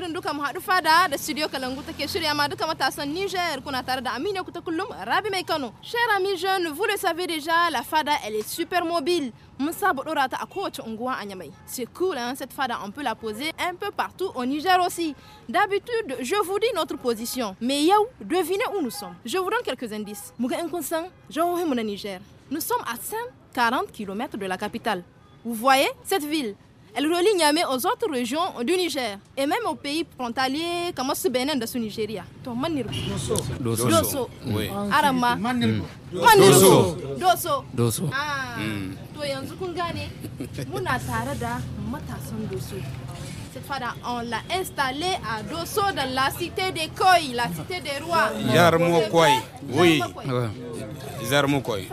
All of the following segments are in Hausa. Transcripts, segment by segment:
shirin duka mu haɗu fada da studio Kalangu take shirya ma duka matasan Niger kuna tare da Amina Kuta kullum Rabi Mai Chers Cher ami vous le savez déjà, la fada elle est super mobile. mun saba a kowace unguwa C'est cool, hein, cette fada, on peut la poser un peu partout au Niger aussi. D'habitude, je vous dis notre position. Mais yaou, devinez où nous sommes. Je vous donne quelques indices. Muga Nkonsan, Jean Niger. Nous sommes à 140 km de la capitale. Vous voyez cette ville elle relie Niamé aux autres régions du Niger et même aux pays frontaliers comme le Bénin de ce Nigeria. Dosso. Dosso. Dosso. Oui. Mm. Arama. Manir mm. Dosso. Dosso. Dosso. Ah. Mm. To yanzu kun gane muna tare da matasan Dosso. Cette fois-là, on l'a installé à Dosso dans la cité des Koi, la cité des rois. Yarmo Koi. Oui. Yarmo Koi.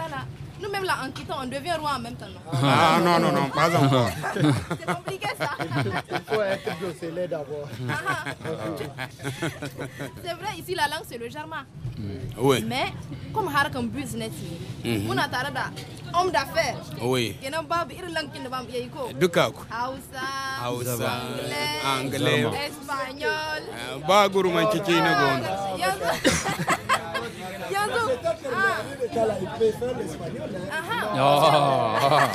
Nous-mêmes, là, en quittant, on devient roi en même temps. Non ah, non, non, non, pas encore. C'est compliqué, ça. Il faut être d'abord. Ah. c'est vrai, ici, la langue, c'est le germain. Mm. Oui. Mais, comme Harkam business, on a tarada. Homme d'affaires. Oui. Il y a une langue qui ne va pas Duka. Hausa. Hausa. Anglais. Espagnol. Eh, Bagourou, manchichi, nagon. Ah. Hein. Ah, ah.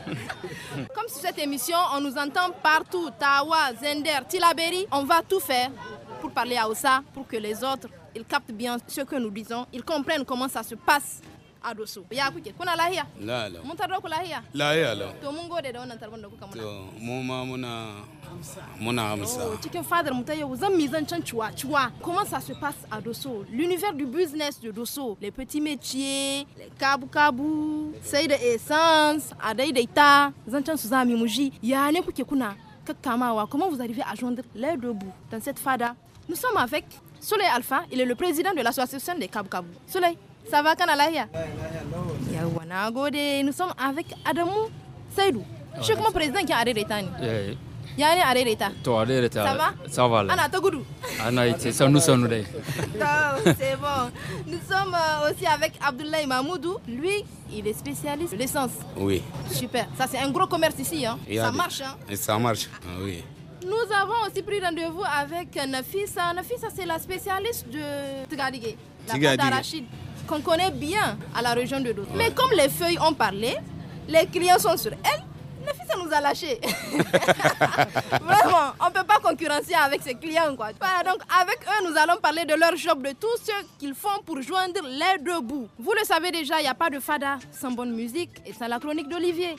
Comme sur cette émission, on nous entend partout, Tawa, Zender, Tilaberi, on va tout faire pour parler à Ossa, pour que les autres, ils captent bien ce que nous disons, ils comprennent comment ça se passe a ya kuke kuna lahiya la mun tarro ku lahiya ya la to mun gode da wannan tarbon da kuka muna to mu ma muna muna amsa oh, cikin fadar mu ta yau zan mi zan can ciwa ciwa comment ça se passe à doso l'univers du business de doso les petits métiers les kabu kabu sai da essence a ta zan can su zami muji ya ne kuke kuna kakkamawa comment vous arrivez à joindre les deux bouts dans cette fada nous sommes avec Soleil Alpha, il est le président de l'association des Kabukabu. Soleil, ça va, Kana Yawa, na Nous sommes avec Adamou Saïdou. Ah, Je suis comme président qui a arrêté eh, eh. Il Y a daidaita to a l'État. ça va ça va là. ana Anna, gudu ana nous sommes sanu c'est bon nous sommes euh, aussi avec Abdoulaye Mahmoudou lui il est spécialiste de l'essence oui super ça c'est un gros commerce ici hein ça marche hein Et ça marche ah, oui nous avons aussi pris rendez-vous avec Nafisa. Nafisa, c'est la spécialiste de Tigadigé, la pâte d'arachide qu'on connaît bien à la région de Doto. Mais comme les feuilles ont parlé, les clients sont sur elle, le fils nous a lâchés. Vraiment, on ne peut pas concurrencer avec ses clients. Quoi. donc, avec eux, nous allons parler de leur job, de tout ce qu'ils font pour joindre les deux bouts. Vous le savez déjà, il n'y a pas de fada sans bonne musique et sans la chronique d'Olivier.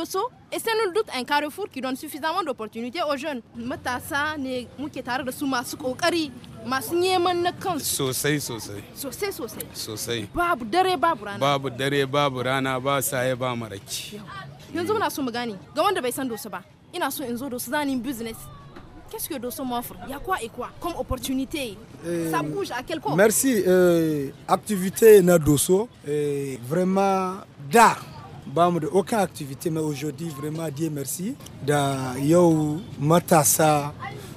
Dosso et c'est nul doute un carrefour qui donne suffisamment d'opportunités aux jeunes. Matasa ne muke tare da su masu kokari, masu neman na kansu. Sosai sosai. Sosai sosai. Babu dare babu rana. Babu dare babu rana ba saye ba maraki. Yanzu muna so mu gane ga wanda bai san Dosso ba. Ina so in zo Dosso zani business. Qu'est-ce que Dosso m'offre Il y a quoi et quoi comme opportunité Ça euh, bouge à quel point? Merci. Euh, activité na Dosso, euh, vraiment d'art. ba mu da aucun activité mais aujourd'hui vraiment Dieu merci da yau matasa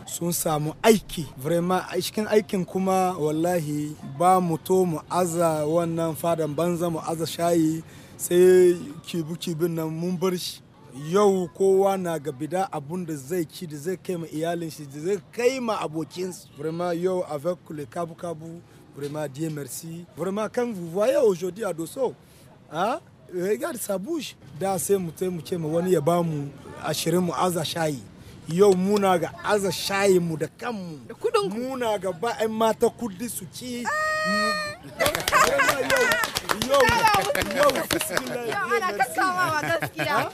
sun samu aiki vraiment a cikin aikin kuma wallahi ba mu to mu aza wannan fadan banza mu aza shayi sai kibu-kibin nan mun bar shi yau kowa na ga bida abun da zai ci da zai kai ma iyalin shi da zai kai ma abokin vraiment yau avec le kabu kabu vraiment Dieu merci vraiment quand vous voyez aujourd'hui à Dosso hein? Eh, sa sabush da sai mu mu ce mu wani ya ba mu ashirin mu aza shayi yau muna ga aza shayi mu da kanmu muna ga ba ai mata kudi su ci ah! yau yau gaskiya ah,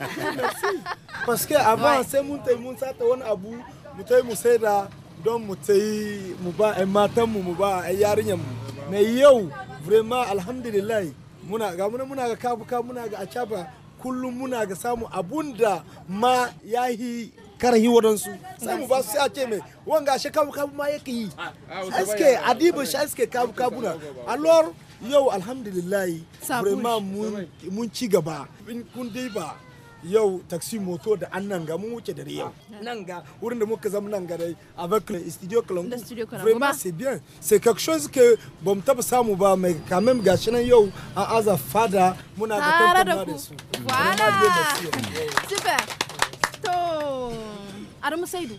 paske avant sai mun tai mun sata wani abu mu tai mu sai da don mu tai mu ba ai matan mu mu ba ai yarinyan mu mai yau vraiment alhamdulillah muna ga muna muna ga kabuka muna ga acaba kullum muna ga samu abunda da ma yahi karhi wadansu sai mu ba su sai a ce mai wanga shi kabu kabu ma yake yi aske ah, ah, adiba shi aske kabu kabu na alor yau alhamdulillah vraiment mun ci gaba kun dai ba yau taxi moto da an nanga ga mun wuce dare yau nan ga wurin da muka zama nan ga dai a le studio Kalangu vraiment c'est bien c'est quelque chose que bom mu taba samu ba mai quand gashi nan yau a aza fada muna da tantama da su wala super to Adamu Saidu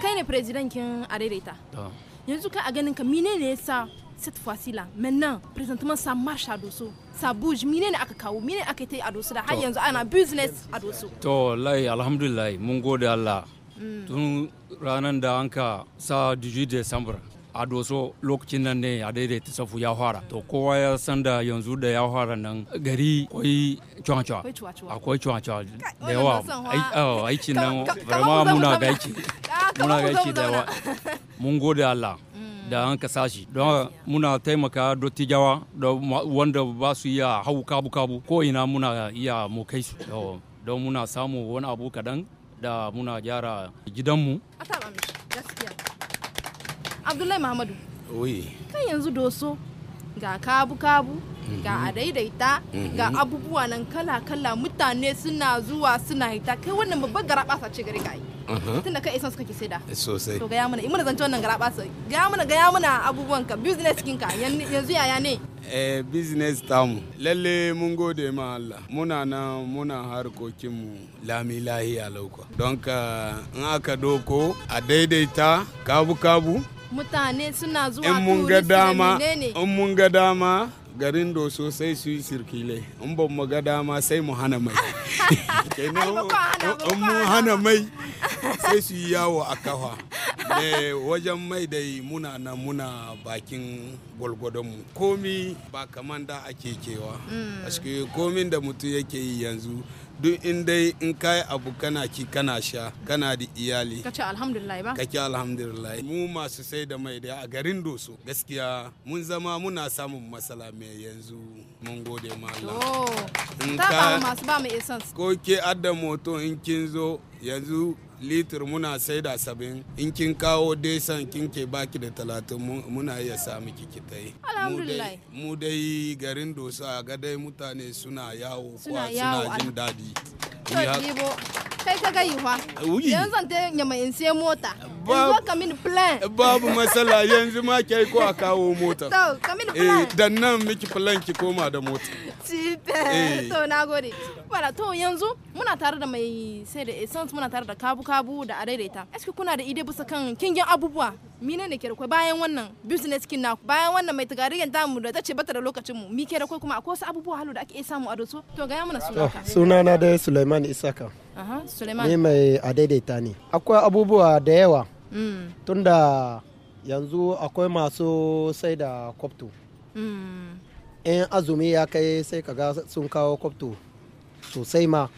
kai ne president kin Adaidaita yanzu ka a ganin ka menene yasa cette fois-ci là maintenant présentement ça marche a Dosso. ça bouge mine menene aka kawo mine aka yi a doso da har yanzu ana business a doso to lai alhamdulillah mun gode Allah mm. tun ranan da anka sa 18 December a doso lokacin nan ne a daidaita safu ya fara to kowa ya san da yanzu da ya fara nan gari koi cuwa-cuwa akwai cuwa-cuwa da yawa aikin nan vraiment muna gaiki ah, muna gaiki da yawa mun gode Allah da an ka sashi don muna taimaka dottijawa da wanda ba su iya hau kabu-kabu ko ina muna iya mokai su don muna samu wani abu kadan da muna gyara gidanmu abdullahi muhammadu kan yanzu doso ga kabu-kabu ga mhm. a daidaita ga mhm. abubuwa nan kala-kala mutane suna zuwa suna hita kai wannan babbar garaba ce gari ka yi Mm-hmm. tunda kai essence sai da sosai to gaya mana in muna zance wannan garaba sai gaya mana gaya mana abubuwan ka business ka yanzu yaya ne eh business tamu lalle mun gode ma Allah muna nan muna mu. lami lahiya lauka don ka in aka doko a daidaita kabu kabu mutane suna zuwa turi mun ga dama in mun ga dama garin doso sai su yi sirkile in ban mu ga dama sai mu hana mai in mu hana mai sai su yi yawo a kafa wajen mai dai muna na muna bakin gwalgwadonmu komi ba kaman da ake kewa mm. komin da mutum yake yi yanzu duk in dai in kai abu kana ki kana sha kana da iyali kace alhamdulillah ba kake alhamdulillah mu masu sai da mai da a garin doso gaskiya mun zama muna samun matsala mai yanzu mun gode ma Allah ta ba masu ba mu essence ko ke adda moto in kin zo yanzu litir muna sai da sabin in kin kawo desan kin ke baki da talatin muna iya sami kikitai mu dai garin dosa ga dai mutane suna yawo kuwa suna jin dadi kai ka gayi fa yanzu zan ta yamma sai mota ba kamin plan babu matsala yanzu ma kai ko a kawo mota to ka eh, plan dan nan miki plan ki koma da mota cipe eh. To na gode. Bara to yanzu muna tare da mai sai da essence muna tare da kabu-kabu da adaidaita. Eske kuna da ide busa kan kingin abubuwa? Mine ne ke da bayan wannan business kin naku bayan wannan mai tagariyan damu da tace bata da lokacin mu. Mi ke da kuma akwai wasu abubuwa halu da ake samu a doso? To ga ya muna ah, suna na da Sulaiman Isaka. Aha, Ni mai adaidaita ne. Akwai abubuwa da yawa. Mm. Tunda yanzu akwai masu sai da kwafto. Mm. in azumi ya kai sai ka ga sun kawo kwabto sosai ma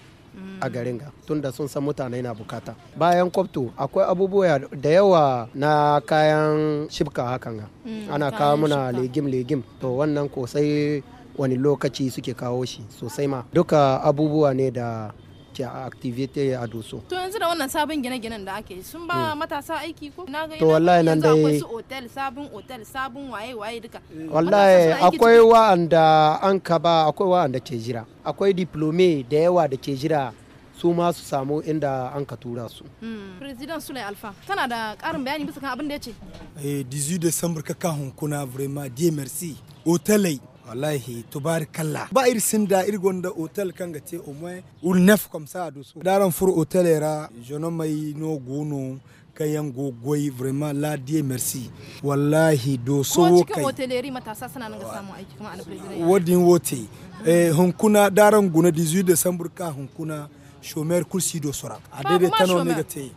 a garin ga tunda sun san mutane na bukata bayan kwabto akwai abubuwa da yawa na kayan shibka hakan ga mm, ana kawo muna legim legim to wannan ko sai wani lokaci suke kawo shi sosai ma duka abubuwa ne da ke activity a doso to yanzu da wannan sabon gine-ginen da ake sun ba hmm. matasa aiki ko na ga to wallahi nan dai akwai hotel sabon hotel sabon waye-waye duka hmm. wallahi akwai wa'anda an ka ba akwai wa'anda ke jira akwai diplome da yawa da ke jira su ma su samu inda an ka tura su. Hmm. President Sulai Alfa, tana da karin bayani bisa kan abin da ya ce? Eh, 18 December kakan kuna vraiment, Dieu merci. Hotelai wallahi tubarikalla ba irsin da irgonda hotel ga te au ul nef comme ça do so daran fur hotel era jono mai no gono kayan gogoi vraiment la die merci wallahi do so kai ko hoteleri matasa suna nan ga samu aiki kuma alfajira wadin wote eh hunkuna daran guna 18 december ka hunkuna chomer kursi do sora a daidai ne ga te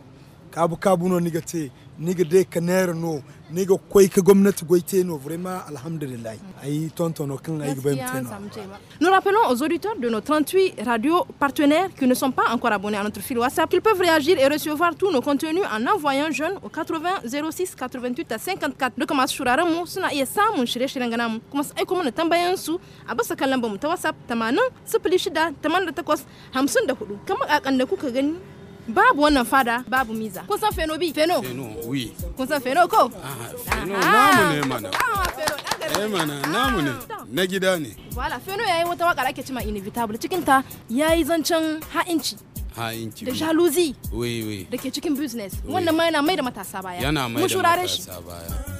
kabu kabu no ne ga te ne ga de kanero no ni ga koi ka gwamnati goite vraiment alhamdulillah mm. ay tontono kan ai gbe mteno nous rappelons aux auditeurs de nos 38 radios partenaires qui ne sont pas encore abonnés à notre fil WhatsApp qu'ils peuvent réagir et recevoir tous nos contenus en envoyant jeune au 80 06 88 à 54 da kuma shuraren mu suna iya samun shirye-shiryen gana mu kuma su aiko tambayan su a bisa kan lambar mu ta WhatsApp 80 06 88 54 kama kakan da kuka gani babu wannan fada babu miza kun san feno bi feno feno oui kun san feno ko ah, feno ah. namu ne mana ah, eh mana namu ne na gida ne wala feno yayi wata waka ake cima inevitable cikin ta yayi zancen ha'inci ha'inci da jalousie oui oui da ke cikin business wannan ma yana mai da matasa baya yana mai da matasa baya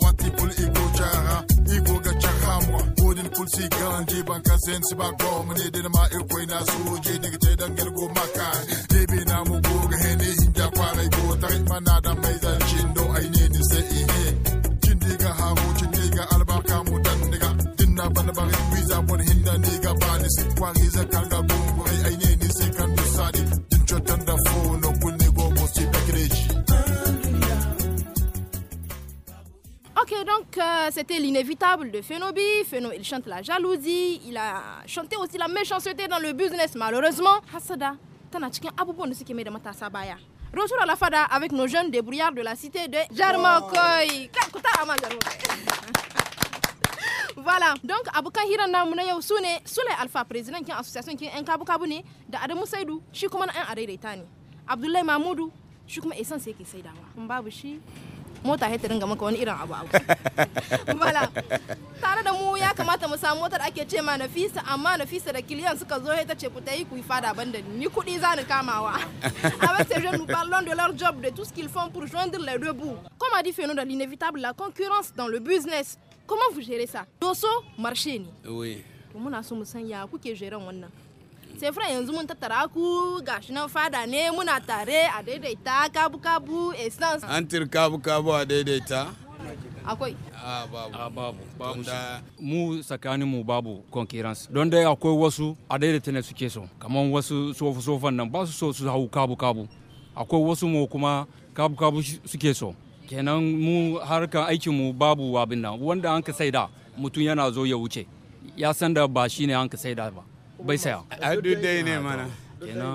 kulsi ganje ban kasen si ba ko ma e ko ina so te dan go maka chanté l'inévitable de Fenobi. Feno, il chante la jalousie. Il a chanté aussi la méchanceté dans le business, malheureusement. Hassada, t'en as chicken abou bon qui m'a à sabaya. Retour à la fada avec nos jeunes débrouillards de la cité de oh. Jarmakoy. Voilà, donc Abuka Hirana Munayo Sune, Sule Alpha, président qui est association qui est un de d'Adamou Saïdou, je suis comme un Aréretani. Abdoulaye Mahmoudou, je suis comme essentiel qui Saïdawa. Mbabushi mota ta ringa maka wani irin abu abu bala tare da mu ya kamata mu samu motar ake ce ma nafisa amma nafisa da kiliyan suka zo ta ce ku ta yi ku yi fada banda ni kuɗi za ni kamawa avec ces jeunes nous parlons de leur job de tout ce qu'ils font pour joindre les deux bouts comme a dit Fénon dans l'inévitable la concurrence dans le business comment vous gérez ça dosso marché ni oui mun na so mu san ya kuke jeren wannan sai fura yanzu mun tattara ku shi nan fada ne muna tare a daidaita kabu kabu essence tir kabu kabu a daidaita akwai a babu a babu babu mu tsakanin mu babu concurrence don dai akwai wasu a daidaita ne suke so kamar wasu sofa sofan nan ba su so su hau kabu kabu akwai wasu mu kuma kabu kabu suke so kenan mu harkar aikin mu babu abin nan wanda an ka saida mutum yana zo ya wuce ya san da ba shine an ka saida ba bai saya a dai ne ah, mana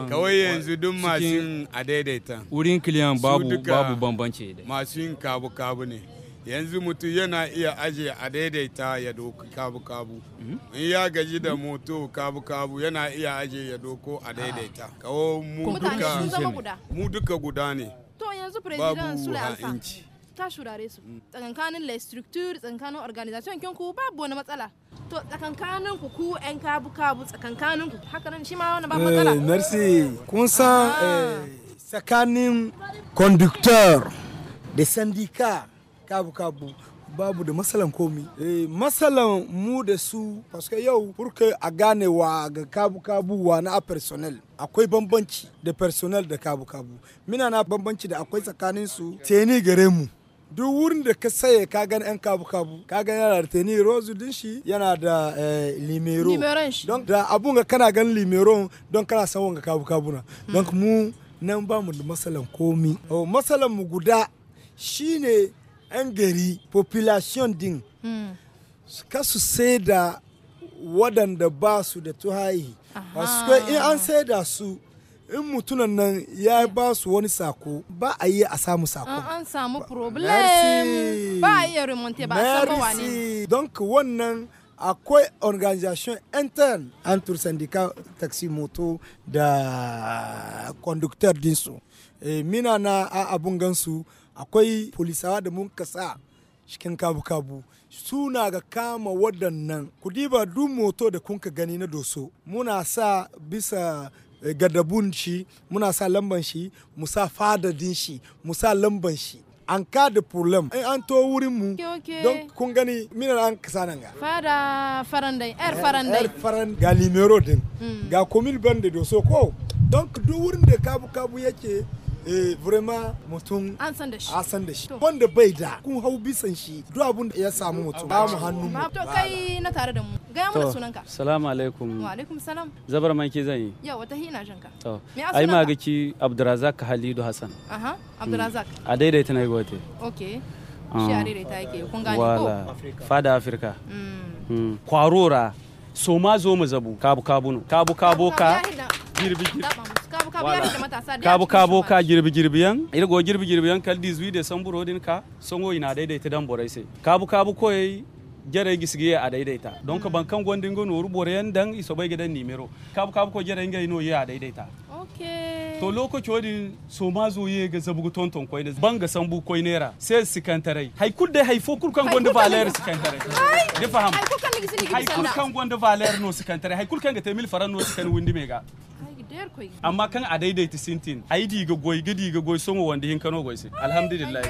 kawai yanzu duk masu yin a daidaita wurin kiliyan babu babu bambanci masu yin kabu kabu ne yanzu mutum yana iya aje a daidaita ya doku kabu kabu hmm? in ya gaji da moto kabu kabu yana iya aje ya doko a daidaita ah. kawo mu duka guda ne to yanzu president su tashurare su mm. tsakankanin la structure tsakankanin organization ba babu wani matsala to tsakankanin ku ku yan kabu kabu tsakankanin ku haka nan shi ma wani ba eh, matsala merci kun san ah. eh, tsakanin conducteur da syndicat kabu kabu babu da masalan komi eh masalan mu da su parce yau furke a gane wa ga kabu kabu wa na a personnel akwai bambanci da personnel da kabu kabu mina na bambanci da akwai tsakanin su teni gare mu duk wurin da ka saye ka gan yan kabu kabu ka gan yana da teni rozu din shi yana da eh, limero don da abun ga kana gan limero don kana san wanga kabu kabu na hmm. don mu nan ba mu da masalan komi oh, masalan mu guda shine yan gari population din hmm. ka su sai da waɗanda ba su da tuhayi in an sai da su in mutunan nan ya ba su wani sako ba a yi a samu sako an samu problem ba a iya remonte ba a samu wani donc wannan akwai organisation interne entre syndicat taxi moto da conducteur dinsu e, mina na a abun gansu akwai polisawa da mun kasa cikin kabu-kabu suna ga kama waɗannan ku diba duk moto da kunka gani na doso muna sa bisa Eh, gadabun shi muna sa lamban shi mu sa fadadin shi mu sa lamban shi an ka da problem ai an to wurin mu don kun gani mina an kasa nan ga fada farandai er farandai er faran ga limero din hmm. ga komil bande do so ko don duk wurin da kabu kabu yake eh vraiment mutum an san da shi an san da shi wanda bai da kun hau bisan shi duk abun da ya samu mutum ba mu hannu mu to kai na tare da mu ga mu da sunanka assalamu alaikum wa alaikum salam zabar man ki zan yi yawa ta hina jinka to ai ma gaki abdurazak halidu hasan aha abdurazak hmm. a daidaita na gote okay ah. shi a daidaita yake kun gane ko fada afirka hmm. Hmm. kwarora so ma zo mu zabu kabu kabu kabu kabu ka girbi girbi kabu kabu ka girbi girbiyan irgo girbi girbiyan kal dizwi de san burodin ka songo ina daidaita dan borai sai kabu kabo koyi jere gisige a daidaita don ka mm. bankan gondin go noru borayan dan iso bai gidan nimero kabu kabu ko jere ngai no ya daidaita okay to lokaci wadi so ma zo ye ga zabugu tonton koy ne banga sambu koy nera sai sikantarai hay kudde hay fokur kan gonda valer sikantarai de faham hay kul kan gonda valer no sikantarai hay kul kan ga temil faran no sikan windi mega amma kan a daidaita sintin yi diga ga diga goyi sun wanda hin kano goyi. alhamdulillah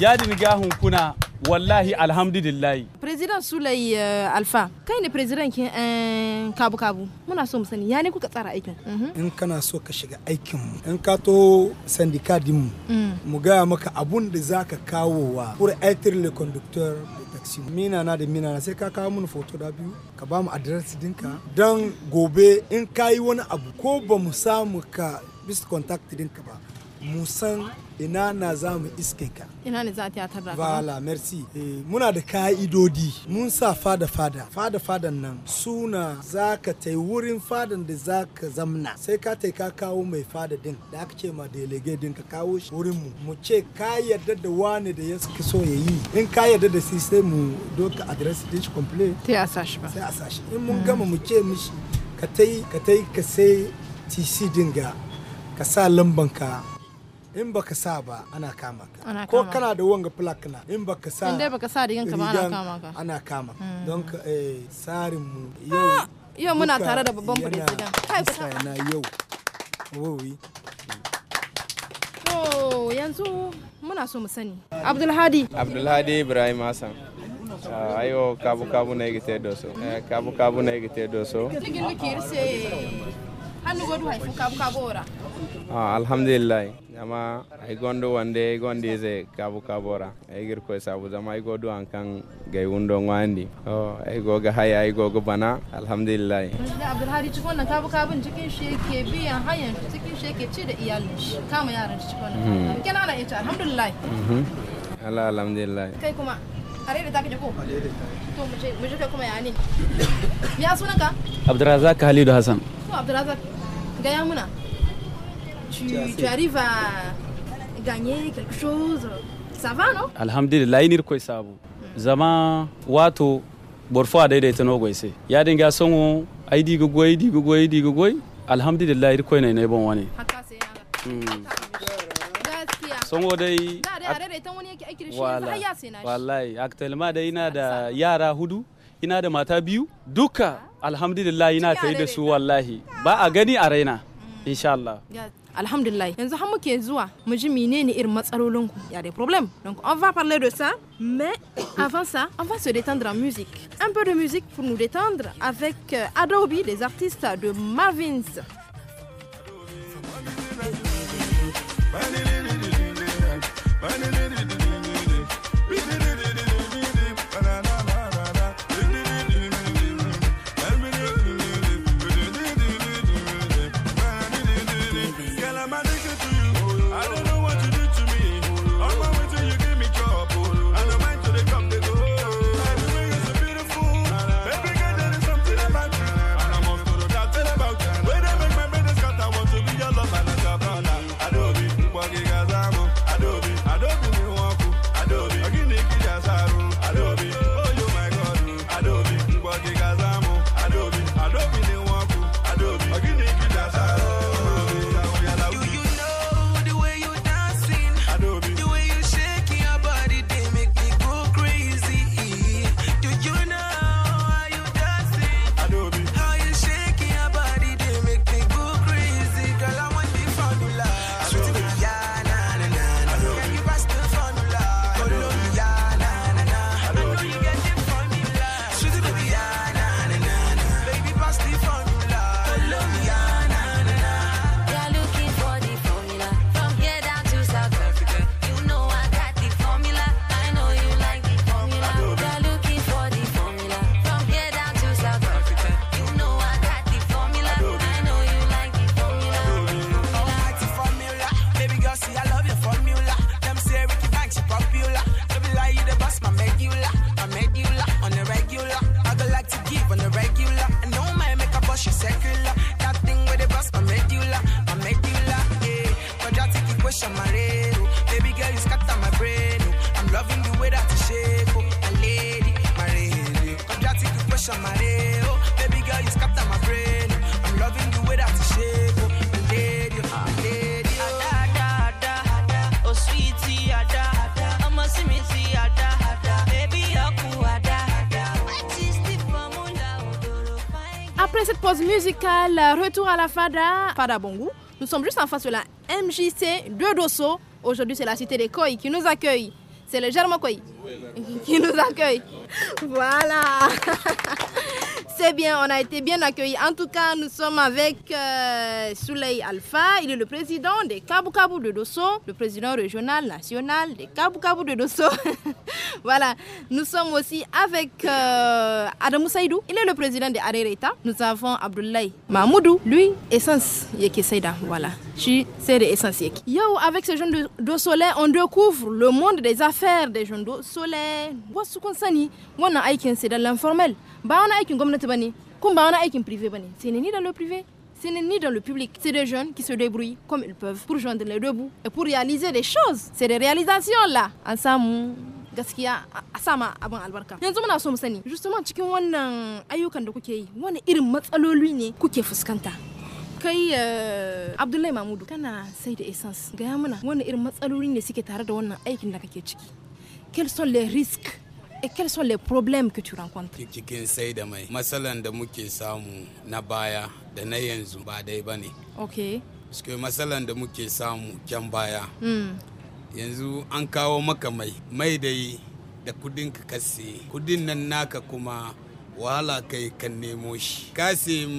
ya din ga hun kuna wallahi alhamdulillahi president sulai eh, alfa kai ne president kin eh, kabu kabu muna so musani sani ya ne kuka tsara aikin mhm. in kana so ka shiga aikin mu in ka to sandika din mu mm. mu ga maka abun da zaka kawo wa pour être le conducteur taxi mina na da mina na sai ka kawo mun foto da biyu ka ba mu address dinka dan gobe in ka yi wani abu ko ba mu samu ka bis contact dinka ba mu san ina na za mu iske ka ina ne za ta yatar da merci e, muna da ka'idodi mun sa fada fada fada fadan nan suna za ka tai wurin fadan da za ka zamna sai ka tai ka kawo mai fada din da aka ce ma delege din ka kawo shi wurin mu mu ce ka yarda da wani da ya so ya yi in ka yarda da shi sai mu doka address din shi complete sai a sashi ba sai a sashi in mun gama mu ce mishi ka tai ka tai ka sai tc din ga ka sa lambanka in ba ka sa ba ana kama ka ko kana da wanga plak na in ka sa in dai ba ka sa rigan ka ba ana kama ka ana kama hmm. don ka eh sarin mu ah, yau yau muna tare da babban gidan kai ku na yau wowi Oh, yanzu muna so mu sani abdulhadi abdulhadi ibrahim hassan ah, ayo kabu kabu na igite doso eh, kabu kabu na igite doso hannu godu hay fu kabu kabu ora ah alhamdulillah jama ay gondo wande ay gondi ze kabu kabu ora ay gir ko sabu jama ay godu an kan gay wundo ngwandi oh ay go ga hay ay go go bana alhamdulillah da abdul hari ci wannan kabu kabun cikin sheke yake biyan hayan cikin sheke yake ci da iyalin shi kama yaran shi wannan hmm. kenan na ita alhamdulillah mhm. Allah alhamdulillah kai kuma are da take ko to mu je mu je kai kuma ya ne ya sunanka abdurazak halidu hasan Abdelazak, gaya Mouna, Tu, tu arrives à gagner quelque chose. Ça va, non? Alhamdulillah, Zama wato borfo a Ya dinga son wo ai digo digo digo Alhamdulillah ir ne ne bon wani. Hmm. wallahi actuellement dai ina da yara hudu ina da mata biyu duka alhamdulillah ina ba a des problèmes donc on va parler de ça mais avant ça on va se détendre en musique un peu de musique pour nous détendre avec Adobe les artistes de Marvins retour à la FADA, FADA Bongo. Nous sommes juste en face de la MJC de Dosso. Aujourd'hui, c'est la cité des Koi qui nous accueille. C'est le le Koi qui nous accueille. Voilà. C'est bien, on a été bien accueillis. En tout cas, nous sommes avec euh, Souley Alpha. Il est le président des Kabou de Dosso, le président régional, national des Kabou de Dosso. voilà. Nous sommes aussi avec Adamou euh, Adam Saïdou. Il est le président de Arereta. Nous avons Abdoulaye Mahmoudou. Lui, Essence Yeke Saïda. Voilà. C'est de Essence Yeke. Yo, avec ce jeune de Dosso, on découvre le monde des affaires des jeunes de Dosso. Konsani. Aiken, dans l'informel a ba wani aikin gwamnati bane on ba wani aikin privé bane c'est ni dans le privé ce n'est ni dans le public. C'est des jeunes qui se débrouillent comme ils peuvent pour joindre les deux bouts et pour réaliser des choses. C'est des réalisations là. Ensemble, gaskiya a sama abin albarka yanzu muna so mu sani justement cikin wannan ayyukan da kuke yi wani irin matsaloli ne kuke fuskanta kai eh, abdullahi mamudu kana sai da essence gaya mana wani irin matsaloli ne suke tare da wannan aikin da kake ciki quels sont les risques Et quels sont les problèmes que tu rencontres Cikin da mai, matsalan da muke samu na baya da na yanzu ba dai bane ne. Ok. Parce que matsalan da muke samu kyan baya. Hmm. Yanzu an kawo maka mai, mai dai da kudin ka kasi, kudin nan naka kuma wahala kai kan nemo shi ka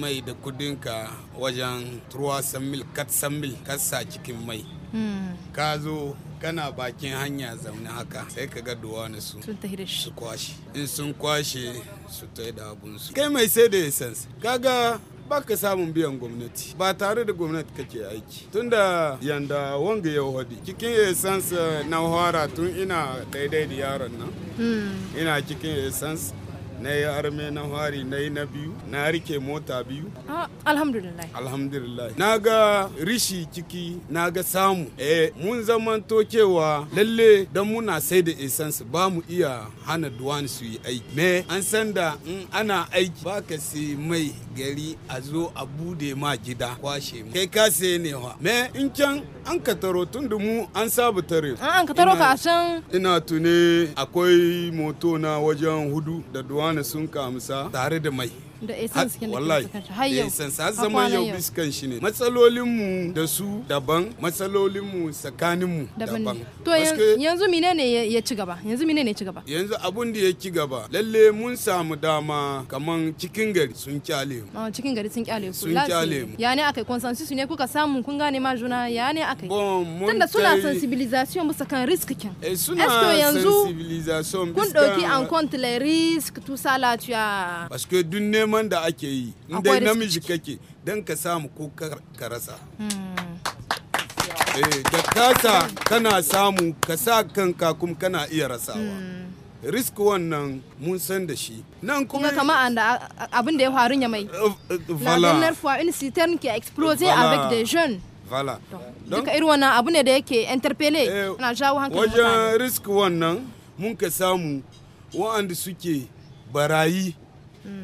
mai da kudinka wajen 300 mil 400 mil ka cikin mai hmm. ka zo kana bakin hanya zaune haka sai ka ga na su su kwashe in sun kwashe su ta da su. kai mai sai da essence kaga baka samun biyan gwamnati ba tare da gwamnati kake aiki tunda yanda wanga ya hodi cikin sansa eh, na hora tun ina daidai da yaron nan hmm. ina cikin sansa. na yi arme na hari na yi na biyu na rike mota biyu ah, alhamdulillah alhamdulillah na ga rishi ciki na ga samu eh mun zamanto cewa lalle dan muna sai da essence ba mu iya hana duwan su yi aiki me an san da in ana aiki ba ka sai mai gari a zo a bude ma gida kwashe mu kai ka sai ne wa me in can an ka taro tun da mu an sabu tare ah, an ka taro ka san ina tune akwai moto na wajen hudu da duwan amfana sun kamusa tare da mai da essence kin wallahi da yau eh, essence har zaman yau biskan shi ne matsalolin mu da su daban matsalolin mu tsakanin ah, mu daban to yanzu menene ya ci gaba yanzu menene ya ci gaba yanzu abun da ya ci gaba lalle mun samu dama kaman cikin gari sun kyale mu cikin gari sun kyale ku sun kyale mu ya ne akai consensus ne kuka samu kun gane ma juna ya ne akai bon mun tunda suna sensibilisation bisa kan risk kin eh suna sensibilisation kun dauki en compte les risques tout ça là tu as parce que d'une neman da ake yi inda namiji kake don ka samu ko ka rasa hmm. eh, da kasa kana samu ka sa kanka kuma kana iya rasawa hmm. risk wannan mun san da shi nan kuma kama an da abin da ya faru ya mai eh, eh, la dernière fois une citerne qui a explosé avec des jeunes voilà donc irin wannan abu ne da yake interpeller ana jawo hankali wajen risk wannan mun ka samu wa'anda suke barayi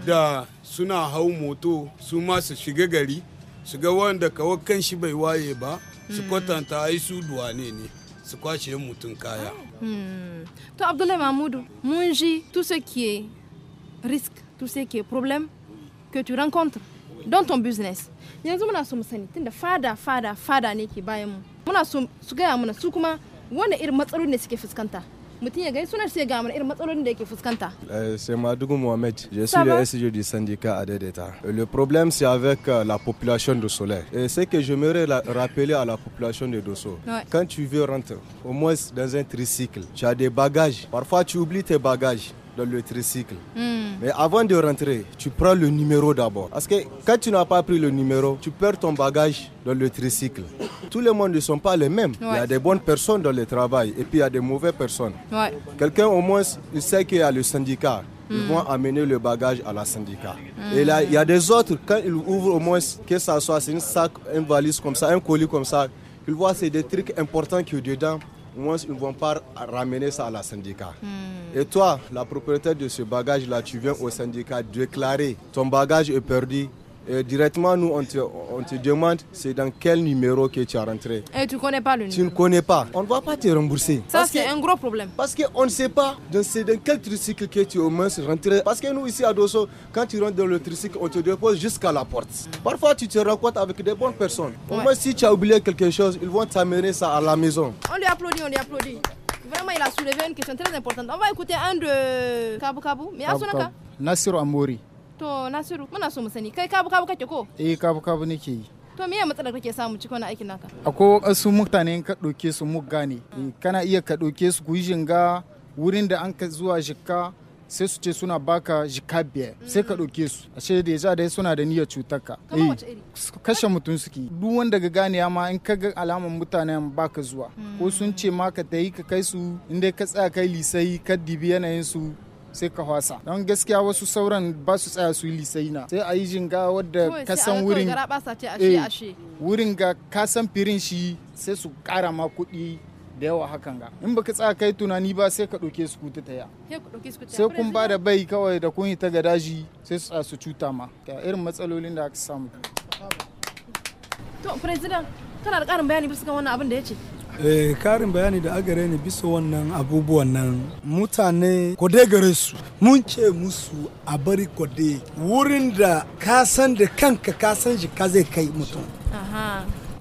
da suna hau moto su ma su shiga gari su ga wanda kawo kan shi bai waye ba su hmm. kwatanta ai su duwane ne su kwace mutum kaya ah. hmm. to abdullahi mahmudu mun ji tout ce qui est risque tout ce qui est problème que tu rencontres don ton business yanzu muna so mu sani tunda fada fada fada ne ke bayan mu muna so su gaya mana su kuma wanda irin matsaloli ne suke fuskanta C'est Madougou Mohamed, je suis le SG du syndicat Adedeta. Le problème c'est avec euh, la population de Soleil. Et ce que j'aimerais rappeler à la population de Dosso, quand tu veux rentrer, au moins dans un tricycle, tu as des bagages. Parfois tu oublies tes bagages dans le tricycle. Hmm. Mais avant de rentrer, tu prends le numéro d'abord. Parce que quand tu n'as pas pris le numéro, tu perds ton bagage dans le tricycle. Tous le monde ne sont pas les mêmes. Il y a des bonnes personnes dans le travail et puis il y a des mauvaises personnes. Quelqu'un au moins il sait qu'il y a le syndicat. Ils hmm. vont amener le bagage à la syndicat. Hmm. Et là, il y a des autres, quand ils ouvrent au moins, que ça soit c'est une sac, une valise comme ça, un colis comme ça, ils voient c'est des trucs importants qui est dedans au moins ils ne vont pas ramener ça à la syndicat. Hmm. Et toi, la propriétaire de ce bagage-là, tu viens au syndicat déclarer ton bagage est perdu, euh, directement, nous, on te, demande c'est dans quel numéro que tu as rentré. Et tu ne connais pas le numéro. Tu ne connais pas. On ne va pas te rembourser. Ça, c'est un gros problème. Parce qu'on ne sait pas dans, quel tricycle que tu es au moins rentré. Parce que nous, ici à Dosso, quand tu rentres dans le tricycle, on te dépose jusqu'à la porte. Parfois, tu te rencontres avec des bonnes personnes. Au moins, si tu as oublié quelque chose, ils vont t'amener ça à la maison. On lui applaudit, on lui applaudit. Vraiment, il a soulevé une question très importante. On va écouter un de Kabu Kabu. Kabu, Kabu. Amori. to nasiru muna so mu sani kai kabu kabu kake ko eh kabu kabu nake yi to me matsalar kake samu cikin wani aikin naka akwai wasu mutane ka ɗauke su mu gane. Eh, kana iya ka ɗauke su ku yi wurin da an ka zuwa jikka sai su ce suna baka jika biyar sai ka ɗauke su ashe da ya da suna da niyyar cutar ka eh, kashe mutum suke duk wanda ga gane ma in ka ga alaman mutanen baka zuwa ko sun ce ma ka tayi ka kai su in dai ka tsaya kai lisai ka dibi yanayin su sai ka hwasa don gaskiya wasu sauran ba su tsaya su yi lisaina sai a yi jinga wadda ka san wurin eh, wurin ga ka san firin shi sai su kara ma kuɗi da yawa hakan ga in baka tsaya kai tunani ba sai ka ɗauke su kuta ya sai kun ba da bai kawai da kun yi ta gadaji sai su su cuta ma ga irin matsalolin da aka samu to president kana da ƙarin bayani bisa kan wannan abin da ya ce Eh, karin bayani da agare ne bisa wannan abubuwan nan mutane kode gare su mun ce musu a bari kwade wurin da kasan san da kanka ka san shi ka zai kai mutum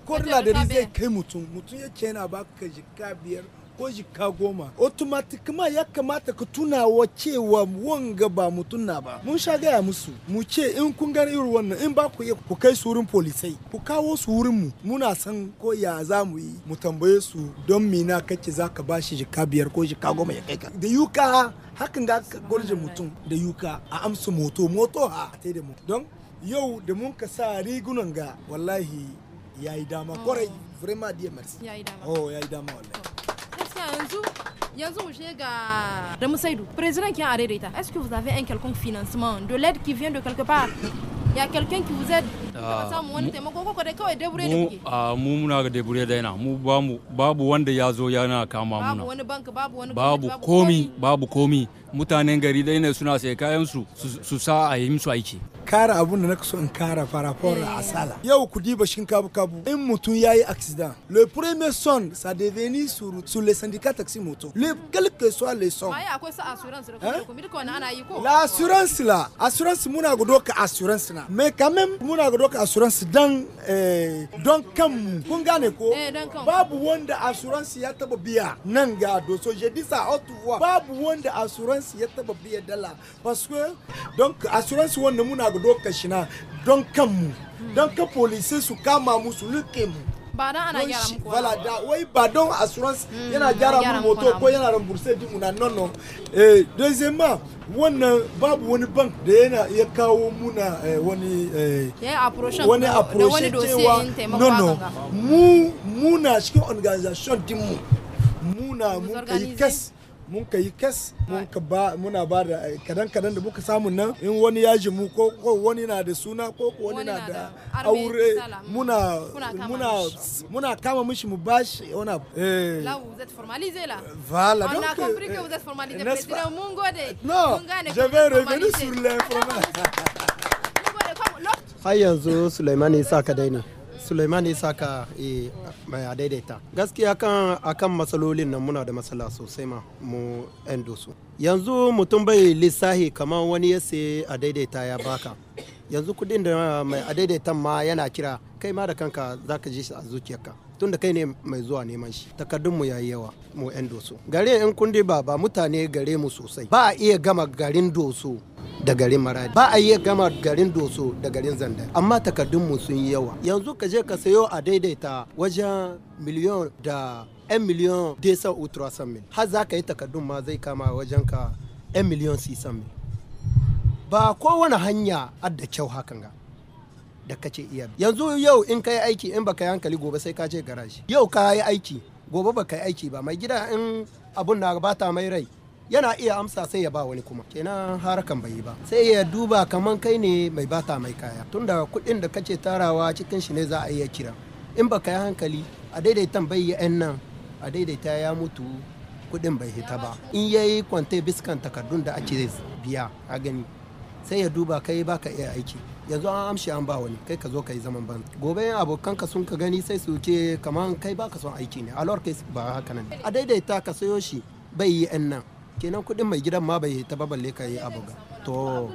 ko da zai kai mutum mutum ya ce yana baka jika biyar ko jikka goma automatic ya kamata ka tunawa cewa wanga ba mutum na ba mun sha gaya musu mu ce in kun gani irin wannan in ba ku iya ku kai su wurin polisai ku kawo su wurin mu muna san ko ya za mu yi mu tambaye su don mina kake za ka bashi jika biyar ko jikka goma ya kai ka da yuka hakan ga gurje mutum da yuka a amsa moto moto ha a da mu don yau da mun ka sa rigunan ga wallahi ya yi dama oh. kwarai vraiment diya merci ya yi dama oh ya dama wallahi yanzu yanzu da musaidu président qui a arrêté est-ce que vous avez un quelconque financement de l'aide qui vient de quelque part il y a quelqu'un qui vous aide mu muna debure da mu babu wanda yazo yana kama muna babu komi babu komi mutanen gari dai ne suna sai kayan su su sa a yi musu aiki kara abun da na so in kara farafon eh. asala yau ku diba shin kabu kabu in mutum ya yi accident le premier son sa deveni sur sur le syndicat taxi moto le quel que soit le son y'a akwai sa assurance da kuma ko wannan ana yi ko la assurance la assurance muna ga doka assurance na me quand même muna ga doka assurance dan eh don kan kun gane ko eh, babu wanda assurance ya taba biya nan ga so je dis ça haute voix babu wanda assurance ya taba biya dala parce que donc assurance wanda muna ga mu doka na don kanmu don ka polisai su kama mu su rike mu ba don ana gyara muku wala da wai ba don assurance mm, yana gyara mu moto ko yana reimburse din mu na non eh deuxièmement wannan babu wani bank da yana ya kawo muna eh, wani eh, wani approach cewa non mu muna cikin organization din mu muna mun kai kas mun ka yi kes mun ka ba muna ba da eh, kadan kadan da muka samu nan in wani ya jimu ko ko wani na da suna ko ko wani na da aure mm. muna muna muna kama mishi mu bashi ona eh là vous êtes formalisé là voilà donc on a compris que eh, vous êtes formalisé président mun gode non je vais revenir sur l'information har yanzu Suleiman Isa ka Suleiman Isaka eh, mai daidaita Gaskiya kan akan matsalolin nan muna da matsala sosai ma mu 'yan dosu. Yanzu mutum bai lissahi kamar wani ya sai daidaita ya baka. Yanzu kudin da mai adaidaitan ma yana kira kai ma da kanka zaka ji shi a zuciyarka. tun da kai ne mai zuwa neman shi takardunmu ya yi yawa mu 'yan doso gare in kundi ba ba mutane gare mu sosai ba a iya gama garin doso da garin maradi ba a iya gama garin doso da garin zanda amma takardunmu sun yi yawa yanzu ka je ka sayo a daidaita wajen miliyon da 'yan miliyon desa ultrasound mil har za ka yi takardun ma zai kama wajen ka 'yan miliyon 600 ba kowane hanya adda kyau hakan ga da kace iya yanzu yau in kai aiki in baka yi hankali gobe sai ka je garaji yau ka yi aiki gobe baka yi aiki ba mai gida in abun na ta mai rai yana iya amsa sai ya ba wani kuma kenan harakan bai yi ba sai ya duba kaman kai ne mai bata mai kaya tunda kuɗin da kace tarawa cikin shi ne za a iya kira in baka yi hankali a daidaitan bai yi yan nan a daidaita ya mutu kuɗin bai hita ba in ya yi kwante biskan takardun da ake biya a gani sai ya duba kai baka iya aiki yanzu an amshi an ba wani kai ka zo ka yi zaman ban gobe yin abokan ka sun ka gani sai su ce kamar kai ba ka son aiki ne alor kai ba haka nan a daidaita ka sayo shi bai yi yan nan kenan kuɗin mai gidan ma bai ta baballe ka yi abu to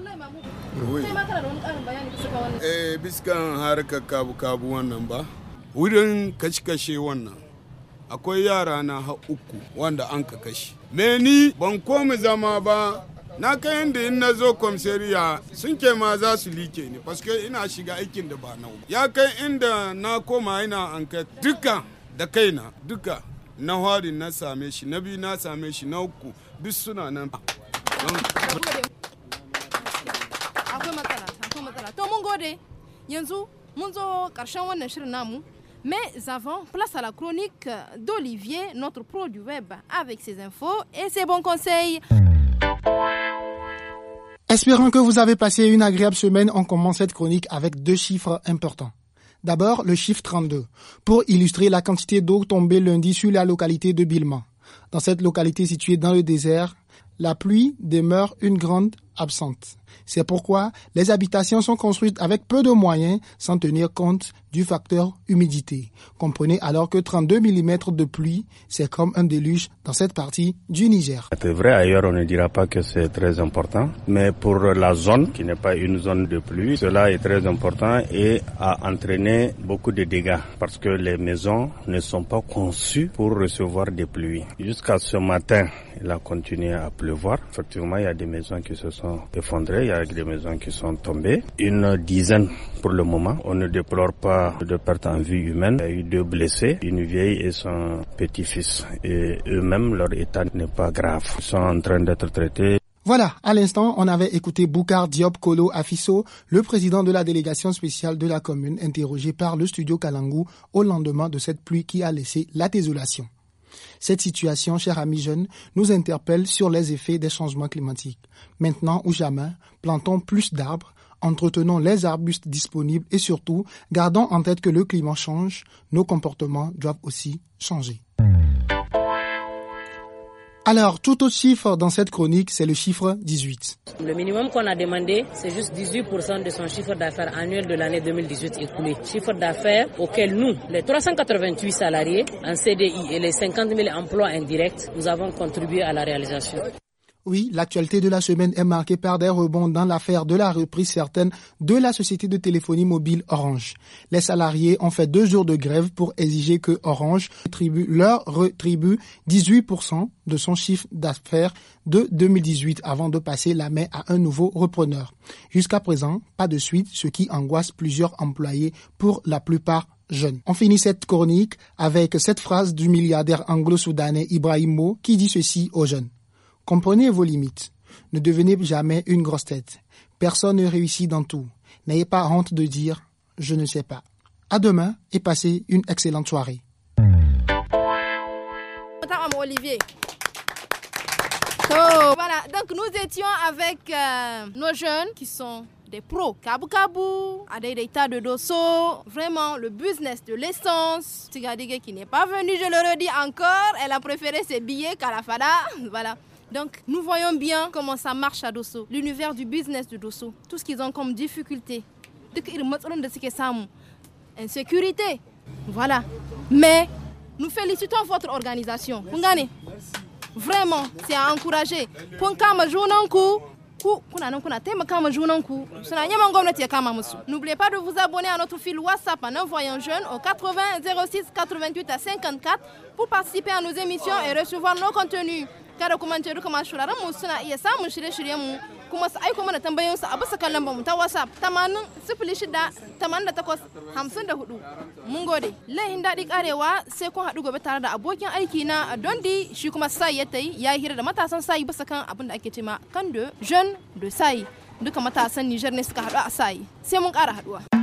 eh biskan harkar kabu kabu wannan ba wurin kashe wannan akwai yara na uku wanda an ka kashe me ni ban komi zama ba na kayan da in na zo kwamshariya sun ke ma za su like ni paske ina shiga aikin da ba nau ya kai inda na koma ina anka duka da kaina duka na hari na same shi na biyu na same shi na uku duk suna nan akwai matsala akwai matsala to mun gode yanzu mun zo karshen wannan shirin namu Mais avant, place à la chronique d'Olivier, notre pro du web, avec ses infos et ses bons conseils. Espérons que vous avez passé une agréable semaine. On commence cette chronique avec deux chiffres importants. D'abord, le chiffre 32, pour illustrer la quantité d'eau tombée lundi sur la localité de Bilma. Dans cette localité située dans le désert, la pluie demeure une grande absente. C'est pourquoi les habitations sont construites avec peu de moyens sans tenir compte du facteur humidité. Comprenez alors que 32 mm de pluie, c'est comme un déluge dans cette partie du Niger. C'est vrai, ailleurs on ne dira pas que c'est très important, mais pour la zone qui n'est pas une zone de pluie, cela est très important et a entraîné beaucoup de dégâts parce que les maisons ne sont pas conçues pour recevoir des pluies. Jusqu'à ce matin, il a continué à pleuvoir. Effectivement, il y a des maisons qui se sont effondrées il y a des maisons qui sont tombées. Une dizaine pour le moment. On ne déplore pas de perte en vie humaine. Il y a eu deux blessés, une vieille et son petit-fils. Et eux-mêmes, leur état n'est pas grave. Ils sont en train d'être traités. Voilà, à l'instant, on avait écouté Boukar Diop Kolo Afiso, le président de la délégation spéciale de la commune, interrogé par le studio Kalangou au lendemain de cette pluie qui a laissé la désolation. Cette situation, chers amis jeunes, nous interpelle sur les effets des changements climatiques. Maintenant ou jamais, plantons plus d'arbres, entretenons les arbustes disponibles et surtout, gardons en tête que le climat change, nos comportements doivent aussi changer. Alors, tout autre chiffre dans cette chronique, c'est le chiffre 18. Le minimum qu'on a demandé, c'est juste 18% de son chiffre d'affaires annuel de l'année 2018 écoulé. Chiffre d'affaires auquel nous, les 388 salariés en CDI et les 50 000 emplois indirects, nous avons contribué à la réalisation. Oui, l'actualité de la semaine est marquée par des rebonds dans l'affaire de la reprise certaine de la société de téléphonie mobile Orange. Les salariés ont fait deux jours de grève pour exiger que Orange leur retribue 18% de son chiffre d'affaires de 2018 avant de passer la main à un nouveau repreneur. Jusqu'à présent, pas de suite, ce qui angoisse plusieurs employés pour la plupart jeunes. On finit cette chronique avec cette phrase du milliardaire anglo-soudanais Ibrahim Mo qui dit ceci aux jeunes. Comprenez vos limites. Ne devenez jamais une grosse tête. Personne ne réussit dans tout. N'ayez pas honte de dire ⁇ je ne sais pas ⁇ À demain et passez une excellente soirée. Olivier. Oh, voilà, donc nous étions avec euh, nos jeunes qui sont des pros. Kabu Kabu, états de Dosso, vraiment le business de l'essence. Tigadige qui n'est pas venu. je le redis encore, elle a préféré ses billets qu'à la fada. Voilà. Donc nous voyons bien comment ça marche à Dosso, l'univers du business de Dosso, tout ce qu'ils ont comme difficulté. Insécurité. Voilà. Mais nous félicitons votre organisation. Merci. Vraiment, c'est à encourager. N'oubliez pas de vous abonner à notre fil WhatsApp en envoyant jeune au 80 06 88 à 54 pour participer à nos émissions et recevoir nos contenus. kada kuma ce duka masu shuraren mu suna iya samun shirye-shiryen mu kuma su aiko mana tambayoyin su a bisa kan lambar mu ta WhatsApp 80 mun gode laihin daɗi karewa sai kun haɗu gobe tare da abokin aiki na Dondi shi kuma sai ya yi ya hira da matasan sai bisa kan abin da ake ma kan de jeune de sai duka matasan Niger ne suka haɗu a sai sai mun ƙara haɗuwa